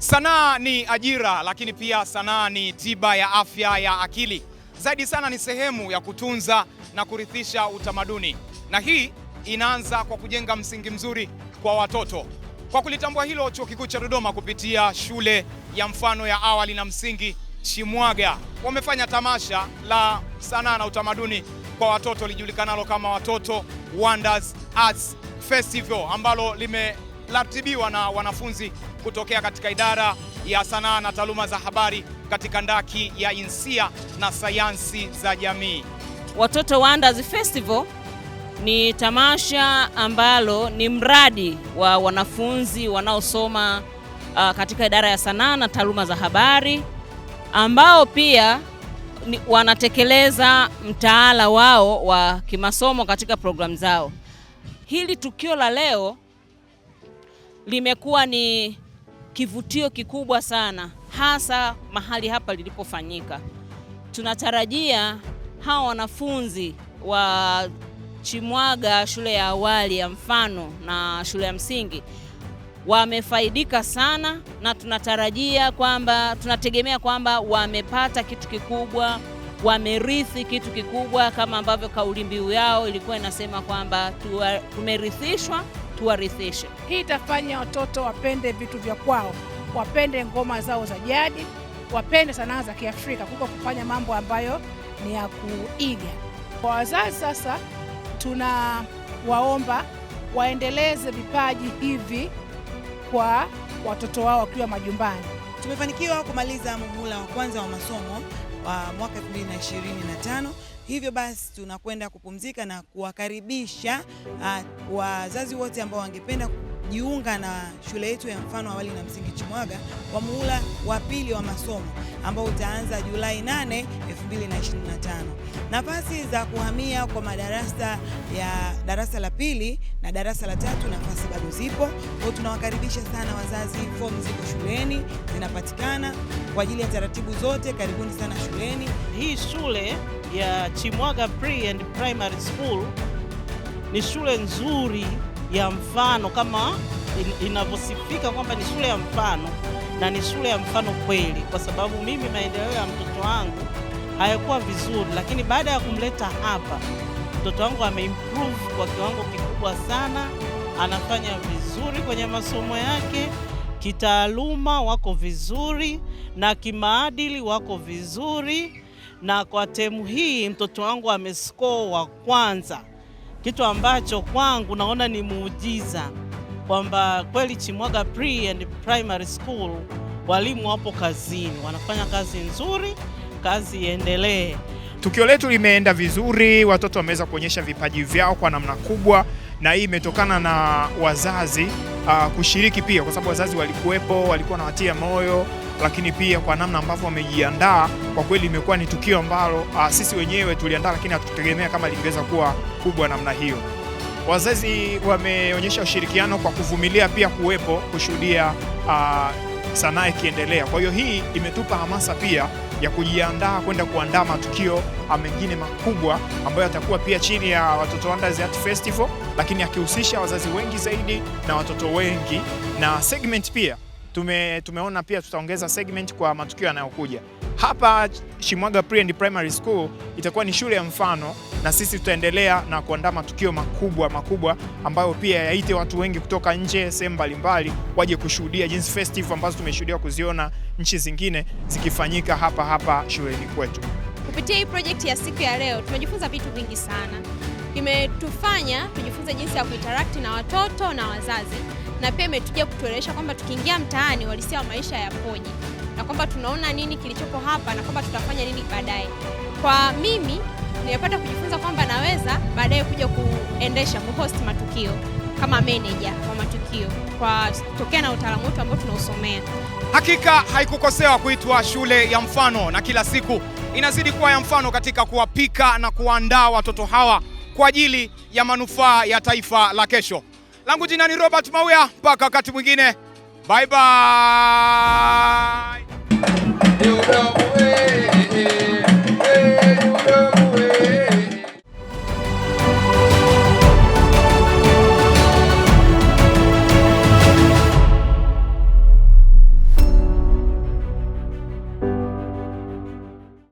Sanaa ni ajira, lakini pia sanaa ni tiba ya afya ya akili. Zaidi sana ni sehemu ya kutunza na kurithisha utamaduni, na hii inaanza kwa kujenga msingi mzuri kwa watoto. Kwa kulitambua hilo, Chuo Kikuu cha Dodoma kupitia shule ya mfano ya awali na msingi Chimwaga wamefanya tamasha la sanaa na utamaduni kwa watoto lijulikanalo kama Watoto Wonders Arts Festival ambalo lime linaratibiwa na wanafunzi kutokea katika idara ya sanaa na taaluma za habari katika ndaki ya insia na sayansi za jamii. Watoto Wonders Festival ni tamasha ambalo ni mradi wa wanafunzi wanaosoma uh, katika idara ya sanaa na taaluma za habari ambao pia ni, wanatekeleza mtaala wao wa kimasomo katika programu zao. Hili tukio la leo limekuwa ni kivutio kikubwa sana, hasa mahali hapa lilipofanyika. Tunatarajia hawa wanafunzi wa Chimwaga shule ya awali ya mfano na shule ya msingi wamefaidika sana, na tunatarajia kwamba tunategemea kwamba wamepata kitu kikubwa, wamerithi kitu kikubwa, kama ambavyo kauli mbiu yao ilikuwa inasema kwamba tumerithishwa tuwarithishe. Hii itafanya watoto wapende vitu vya kwao, wapende ngoma zao za jadi, wapende sanaa za Kiafrika kuliko kufanya mambo ambayo ni ya kuiga. Kwa wazazi sasa, tunawaomba waendeleze vipaji hivi kwa watoto wao wakiwa majumbani. Tumefanikiwa kumaliza muhula wa kwanza wa masomo wa mwaka 2025. Hivyo basi tunakwenda kupumzika na kuwakaribisha uh, wazazi wote ambao wangependa jiunga na shule yetu ya mfano awali na msingi Chimwaga kwa muhula wa pili wa masomo ambao utaanza Julai 8, 2025. Nafasi za kuhamia kwa madarasa ya darasa la pili na darasa la tatu, nafasi bado zipo. Kwa tunawakaribisha sana wazazi, fomu ziko shuleni zinapatikana kwa ajili ya taratibu zote. Karibuni sana shuleni. Hii shule ya Chimwaga Pre and Primary School ni shule nzuri ya mfano kama in, inavyosifika kwamba ni shule ya mfano na ni shule ya mfano kweli, kwa sababu mimi maendeleo ya mtoto wangu hayakuwa vizuri, lakini baada ya kumleta hapa mtoto wangu ameimprove kwa kiwango kikubwa sana, anafanya vizuri kwenye masomo yake, kitaaluma wako vizuri na kimaadili wako vizuri na kwa temu hii mtoto wangu amescore wa kwanza, kitu ambacho kwangu naona ni muujiza kwamba kweli Chimwaga Pre and Primary School walimu wapo kazini, wanafanya kazi nzuri, kazi iendelee. Tukio letu limeenda vizuri, watoto wameweza kuonyesha vipaji vyao kwa namna kubwa na hii imetokana na wazazi uh, kushiriki pia, kwa sababu wazazi walikuwepo, walikuwa wanawatia moyo, lakini pia kwa namna ambavyo wamejiandaa, kwa kweli imekuwa ni tukio ambalo uh, sisi wenyewe tuliandaa, lakini hatutegemea kama lingeweza kuwa kubwa namna hiyo. Wazazi wameonyesha ushirikiano kwa kuvumilia pia kuwepo kushuhudia uh, sanaa ikiendelea. Kwa hiyo hii imetupa hamasa pia ya kujiandaa kwenda kuandaa matukio mengine makubwa ambayo yatakuwa pia chini ya Watoto Wonders Art Festival, lakini akihusisha wazazi wengi zaidi na watoto wengi na segment pia tume, tumeona pia tutaongeza segment kwa matukio yanayokuja. Hapa Shimwaga Pre and Primary School itakuwa ni shule ya mfano, na sisi tutaendelea na kuandaa matukio makubwa makubwa ambayo pia yaite watu wengi kutoka nje, sehemu mbalimbali, waje kushuhudia jinsi festive ambazo tumeshuhudia kuziona nchi zingine zikifanyika hapa hapa shuleni kwetu. Kupitia hii project ya siku ya leo tumejifunza vitu vingi sana. Imetufanya tujifunze jinsi ya kuinteract na watoto na wazazi, na pia imetuja kutuelewesha kwamba tukiingia mtaani uhalisia wa maisha yapoje na kwamba tunaona nini kilichopo hapa na kwamba tutafanya nini baadaye. Kwa mimi nimepata kujifunza kwamba naweza baadaye kuja kuendesha kuhost matukio kama manager wa matukio kwa tokea na utaalamu wetu ambao tunausomea. Hakika haikukosewa kuitwa shule ya mfano, na kila siku inazidi kuwa ya mfano katika kuwapika na kuwaandaa watoto hawa kwa ajili ya manufaa ya taifa la kesho. Langu jina ni Robert Mauya, mpaka wakati mwingine, bye bye. Welcome.